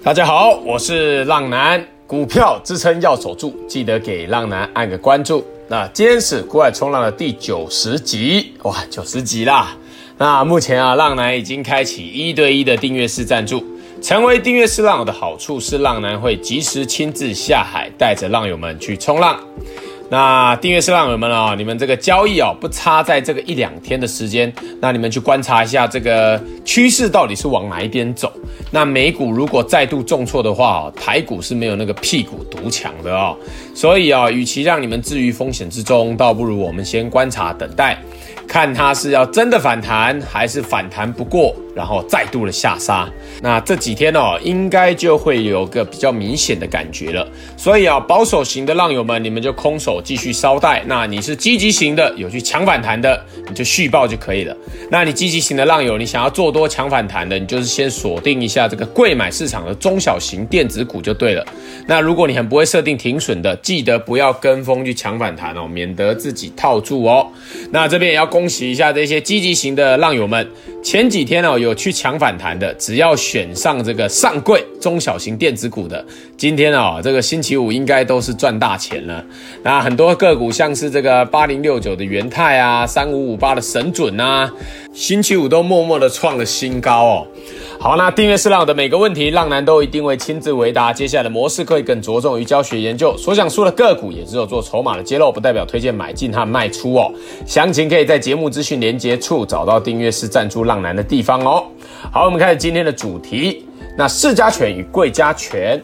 大家好，我是浪男，股票支撐要守住，記得給浪男按個關注。那今天是股海衝浪的第九十集，哇，九十集啦。那目前啊，浪男已經開啟一對一的訂閱式贊助。成為訂閱式浪友的好處是，浪男會及時親自下海，帶着浪友們去衝浪。那訂閱式浪友們了、哦，你們這個交易啊、哦，不差在這個一兩天的時間。那你們去觀察一下這個趨勢到底是往哪一邊走。那美股如果再度重挫的話，台股是沒有那個屁股獨強的哦。所以啊、哦，與其讓你們置於風險之中，倒不如我們先觀察等待，看它是要真的反彈，還是反彈不過。然後再度的下殺，那這幾天哦，應該就會有個比較明顯的感覺了。所以啊，保守型的浪友們，你們就空手繼續稍待。那你是積極型的，有去搶反彈的，你就續抱就可以了。那你積極型的浪友，你想要做多搶反彈的，你就是先鎖定一下這個櫃買市場的中小型電子股就對了。那如果你很不會設定停損的，記得不要跟風去搶反彈哦，免得自己套住哦。那這邊也要恭喜一下這些積極型的浪友們。前幾天哦，有去搶反彈的，只要選上這個上櫃中小型電子股的，今天哦，這個星期五應該都是賺大錢了。那很多個股，像是這個八零六九的元太啊，三五五八的神準啊。星期五都默默地創了新高哦。好，那訂閱式浪友的每個問題，浪男都一定會親自回答。接下來的模式可以更着重於教學研究，所講述的個股也只有做籌碼的揭露，不代表推薦買進和賣出哦。詳情可以在節目資訊連結處找到訂閱式贊助浪男的地方哦。好，我們開始今天的主題，那市加權與櫃加權。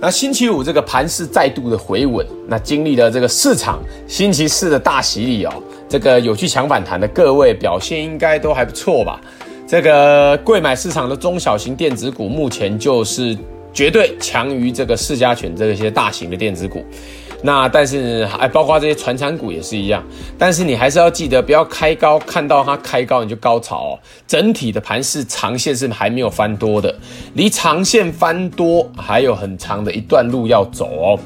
那星期五這個盤勢再度的回穩，那經歷了這個市場星期四的大洗禮哦。這個有去搶反彈的各位表現應該都還不錯吧？這個櫃買市場的中小型電子股目前就是絕對強於這個市加權這些大型的電子股。那但是哎，包括這些傳產股也是一樣。但是你還是要記得不要開高，看到它開高你就高潮哦。整體的盤勢長線是還沒有翻多的，離長線翻多還有很長的一段路要走哦。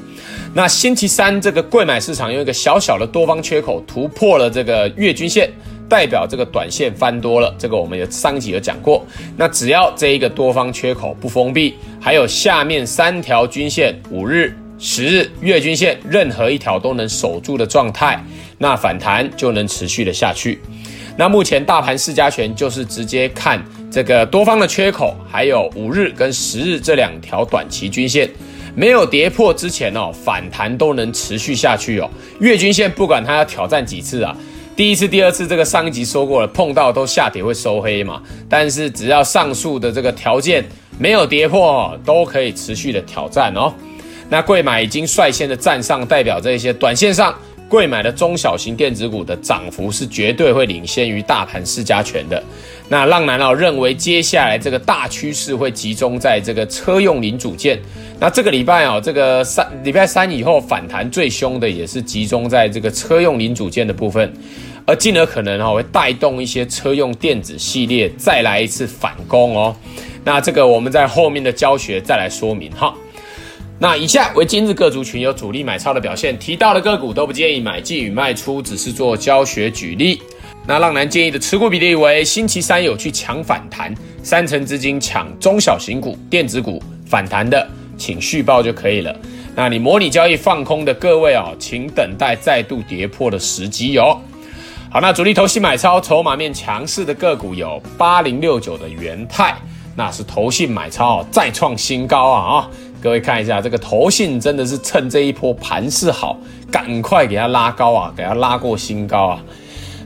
那星期三這個櫃買市場用一個小小的多方缺口突破了這個月均線，代表這個短線翻多了，這個我們有上一集有講過。那只要這一個多方缺口不封閉，還有下面三條均線五日、十日、月均線任何一條都能守住的狀態，那反彈就能持續的下去。那目前大盤市加權就是直接看這個多方的缺口，還有五日跟十日這兩條短期均線。沒有跌破之前哦，反彈都能持續下去哦。月均線不管它要挑戰幾次啊，第一次、第二次，這個上一集說過了，碰到都下跌會收黑嘛。但是只要上述的這個條件沒有跌破，哦，都可以持續的挑戰哦。那櫃買已經率先的站上，代表這些短線上櫃買的中小型電子股的漲幅是絕對會領先於大盤市加權的。那浪男哦認為接下來這個大趨勢會集中在這個車用零組件。那這個禮拜哦，這個三禮拜三以後反彈最凶的也是集中在這個車用零組件的部分，而進而可能哦會帶動一些車用電子系列再來一次反攻哦。那這個我們在後面的教學再來說明哈。那以下為今日各族群有主力買超的表現，提到的個股都不建議買進與賣出，只是做教學舉例。那浪男建議的持股比例為：星期三有去搶反彈，三成資金搶中小型股、電子股反彈的。請續抱就可以了。那你模擬交易放空的各位哦，請等待再度跌破的時機哦。好，那主力投信買超、籌碼面強勢的個股有八零六九的元太，那是投信買超再創新高啊啊哦！各位看一下這個投信，真的是趁這一波盤勢好，趕快給它拉高啊，給它拉過新高啊。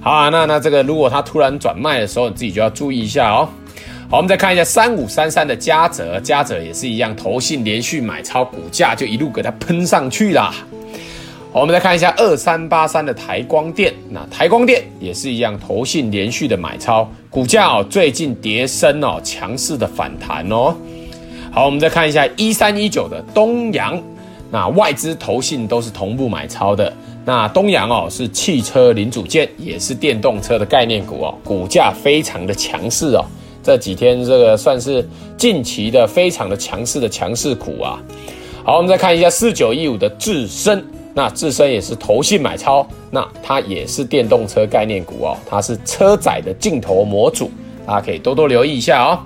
好啊，那那這個如果它突然轉賣的時候，你自己就要注意一下哦。好，我們再看一下三五三三的嘉澤，嘉澤也是一樣，投信連續買超，股價就一路給它噴上去啦。好，我們再看一下二三八三的台光電，那台光電也是一樣，投信連續的買超，股價哦最近跌深哦，強勢的反彈哦。好，我們再看一下一三一九的東陽，那外資投信都是同步買超的，那東陽哦是汽車零組件，也是電動車的概念股哦，股價非常的強勢哦。這幾天這個算是近期的非常的強勢的強勢股啊。好，我們再看一下四九一五的致伸，那致伸也是投信買超，那它也是電動車概念股哦，它是車載的鏡頭模組，大家可以多多留意一下哦。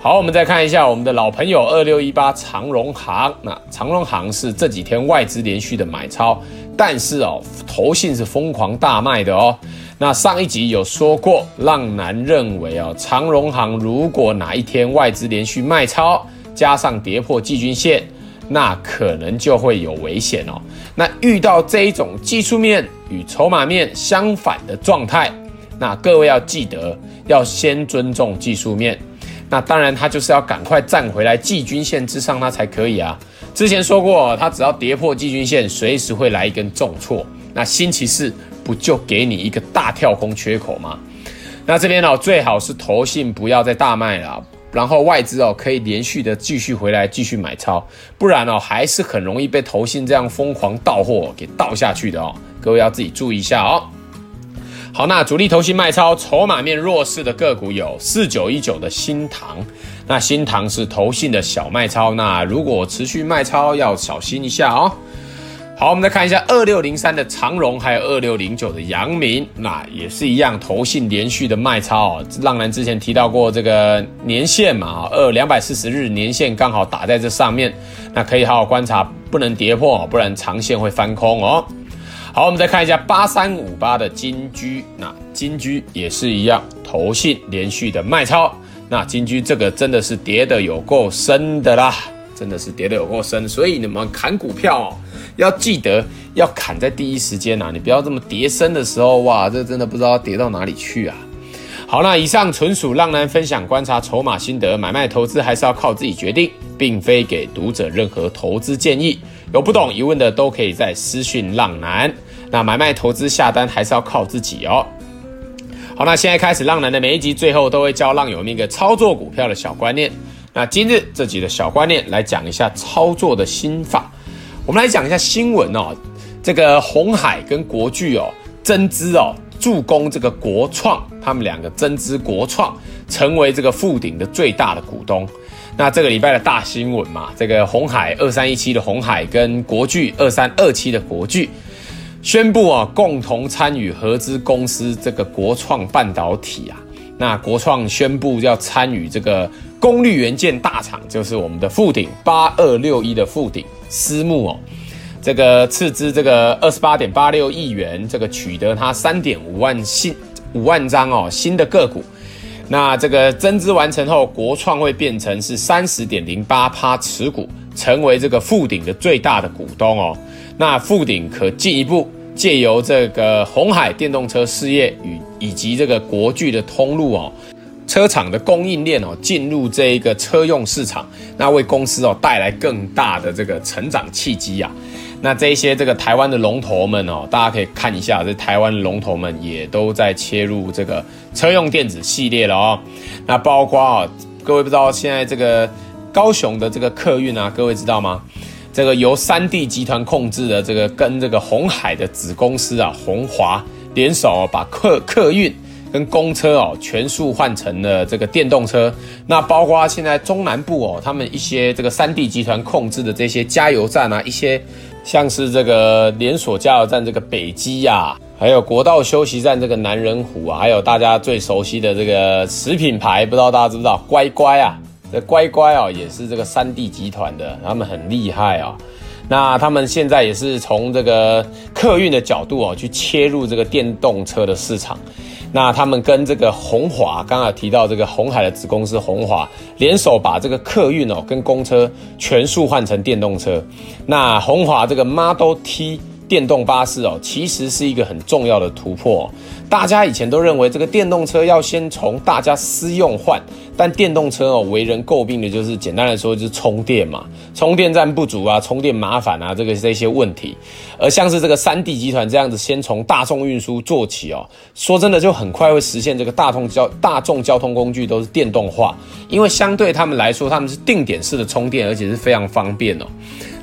好，我們再看一下我們的老朋友二六一八長榮航，那長榮航是這幾天外資連續的買超，但是哦，投信是瘋狂大賣的哦。那上一集有說過，浪男認為啊、哦，長榮航如果哪一天外資連續賣超，加上跌破季均線，那可能就會有危險哦。那遇到這一種技術面與籌碼面相反的狀態，那各位要記得要先尊重技術面。那當然，他就是要趕快站回來季均線之上，那才可以啊。之前說過，他只要跌破季均線，隨時會來一根重挫。那星期四不就給你一個大跳空缺口嗎？那這邊呢、哦，最好是投信不要再大賣了，然後外資哦可以連續的繼續回來繼續買超，不然哦還是很容易被投信這樣瘋狂倒貨給倒下去的哦，各位要自己注意一下哦。好，那主力投信賣超，籌碼面弱勢的個股有四九一九的新唐，那新唐是投信的小賣超，那如果持續賣超要小心一下哦。好，我們再看一下二六零三的長榮，還有二六零九的陽明，那也是一樣投信連續的賣超哦。浪男之前提到過這個年線嘛，二兩百四十日年線剛好打在這上面，那可以好好觀察，不能跌破，不然長線會翻空哦。好，我們再看一下八三五八的金居，那金居也是一樣投信連續的賣超，那金居這個真的是跌得有夠深的啦。真的是跌得有夠深，所以你們砍股票哦，要記得要砍在第一時間吶啊，你不要這麼跌深的時候哇，這真的不知道要跌到哪裡去啊。好，那以上純屬浪男分享觀察籌碼心得，買賣投資還是要靠自己決定，並非給讀者任何投資建議。有不懂疑問的都可以再私訊浪男。那買賣投資下單還是要靠自己哦。好，那現在開始，浪男的每一集最後都會教浪友們一個操作股票的小觀念。那今日這集的小觀念來講一下操作的心法。我們來講一下新聞哦，這個鴻海跟國巨哦，增資哦，助攻這個國創，他們兩個增資國創，成為這個富鼎的最大的股東。那這個禮拜的大新聞嘛，這個鴻海二三一七的鴻海跟國巨二三二七的國巨，宣布啊、哦，共同參與合資公司這個國創半導體啊。那國創宣布要參與這個功率元件大廠，就是我們的富鼎八二六一的富鼎私募哦，這個斥資這個二十八點八六億元，這個取得它三點五萬新五萬張哦新的個股，那這個增資完成後，國創會變成是三十點零八趴持股，成為這個富鼎的最大的股東哦，那富鼎可進一步。借由這個鴻海電動車事業與以及這個國巨的通路哦，車廠的供應鏈哦，進入這一個車用市場，那為公司哦帶來更大的這個成長契機呀、啊。那這一些這個台灣的龍頭們哦，大家可以看一下，這台灣的龍頭們也都在切入這個車用電子系列了啊、哦。那包括啊、哦，各位不知道現在這個高雄的這個客運啊，各位知道嗎？這個由三地集團控制的這個跟這個鴻海的子公司啊，鴻華聯手、啊、把客客運跟公車哦、啊，全數換成了這個電動車。那包括現在中南部哦、啊，他們一些這個三地集團控制的這些加油站啊，一些像是這個連鎖加油站這個北基啊，還有國道休息站這個南仁湖啊，還有大家最熟悉的這個食品牌，不知道大家知不知道？乖乖啊！這乖乖啊，也是這個三地集團的，他們很厲害啊、哦。那他們現在也是從這個客運的角度啊，去切入這個電動車的市場。那他們跟這個鴻華，剛剛提到這個鴻海的子公司鴻華，聯手把這個客運哦跟公車全數換成電動車。那鴻華這個 Model T。電動巴士哦，其實是一個很重要的突破哦。大家以前都認為這個電動車要先從大家私用換，但電動車哦為人詬病的就是，簡單來說就是充電嘛，充電站不足啊，充電麻煩啊，這個這些問題。而像是這個三地集團這樣子，先從大眾運輸做起哦，說真的就很快會實現這個大眾交大眾交通工具都是電動化，因為相對他們來說，他們是定點式的充電，而且是非常方便哦。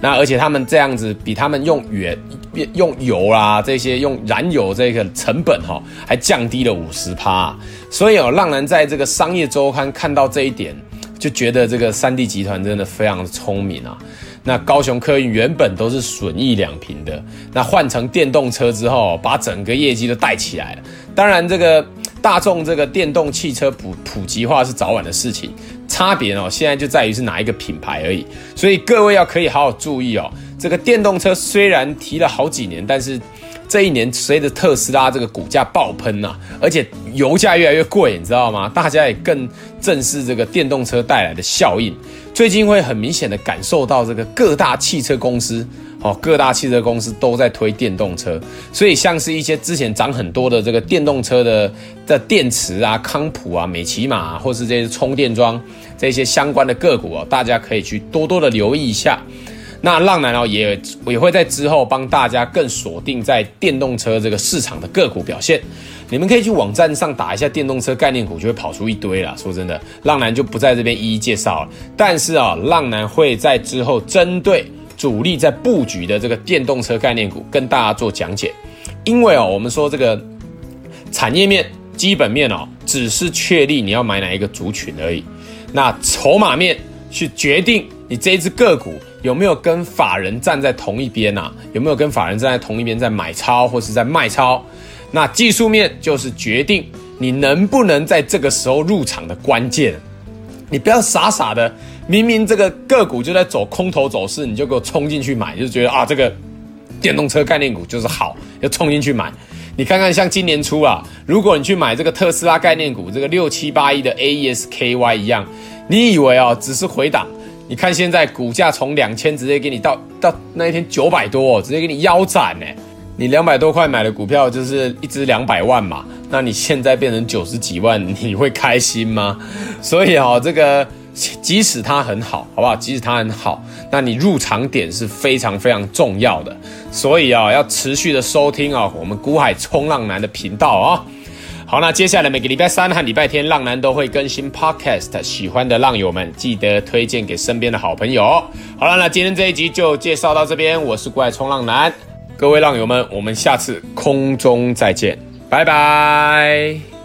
那而且他們這樣子比他們用原用油啦，啊、這些用燃油這個成本哈，哦，還降低了五十趴，所以哦浪男在這個商業周刊看到這一點，就覺得這個三地集團真的非常的聰明啊。那高雄客運原本都是損益兩平的，那換成電動車之後，把整個業績都帶起來了。當然這個大眾這個電動汽車普普及化是早晚的事情。差別哦，現在就在於是哪一個品牌而已，所以各位要可以好好注意哦。這個電動車雖然提了好幾年，但是這一年隨着特斯拉這個股價爆噴啊，而且油價越來越貴，你知道嗎？大家也更正視這個電動車帶來的效應。最近會很明顯的感受到這個各大汽車公司。哦，各大汽車公司都在推電動車，所以像是一些之前漲很多的這個電動車的的電池啊、康普啊、美琪瑪啊，或是這些充電樁這些相關的個股啊、哦，大家可以去多多的留意一下。那浪男哦也也會在之後幫大家更鎖定在電動車這個市場的個股表現。你們可以去網站上打一下電動車概念股，就會跑出一堆了。說真的，浪男就不在這邊一一介紹了，但是啊、哦，浪男會在之後針對。主力在佈局的這個電動車概念股，跟大家做講解。因為哦，我們說這個產業面、基本面哦，只是確立你要買哪一個族群而已。那籌碼面去決定你這一只個股有沒有跟法人站在同一邊吶、啊？有沒有跟法人站在同一邊在買超或是在賣超？那技術面就是決定你能不能在這個時候入場的關鍵。你不要傻傻的。明明這個個股就在走空頭走勢，你就給我衝進去買，就覺得啊，這個電動車概念股就是好，就衝進去買。你看看像今年初啊，如果你去買這個特斯拉概念股，這個六七八一的 AESKY 一樣，你以為哦只是回檔，你看現在股價從兩千直接給你到到那一天九百多哦，直接給你腰斬哎！你兩百多塊買的股票就是一支兩百萬嘛，那你現在變成九十幾萬，你會開心嗎？所以啊、哦，這個。即使它很好，好不好？即使它很好，那你入場點是非常非常重要的。所以啊、哦，要持續的收聽啊、哦，我們股海衝浪男的頻道啊、哦。好，那接下來每個禮拜三和禮拜天，浪男都會更新 podcast。喜歡的浪友們，記得推薦給身邊的好朋友。好了，那今天這一集就介紹到這邊。我是股海衝浪男，各位浪友們，我們下次空中再見，拜拜。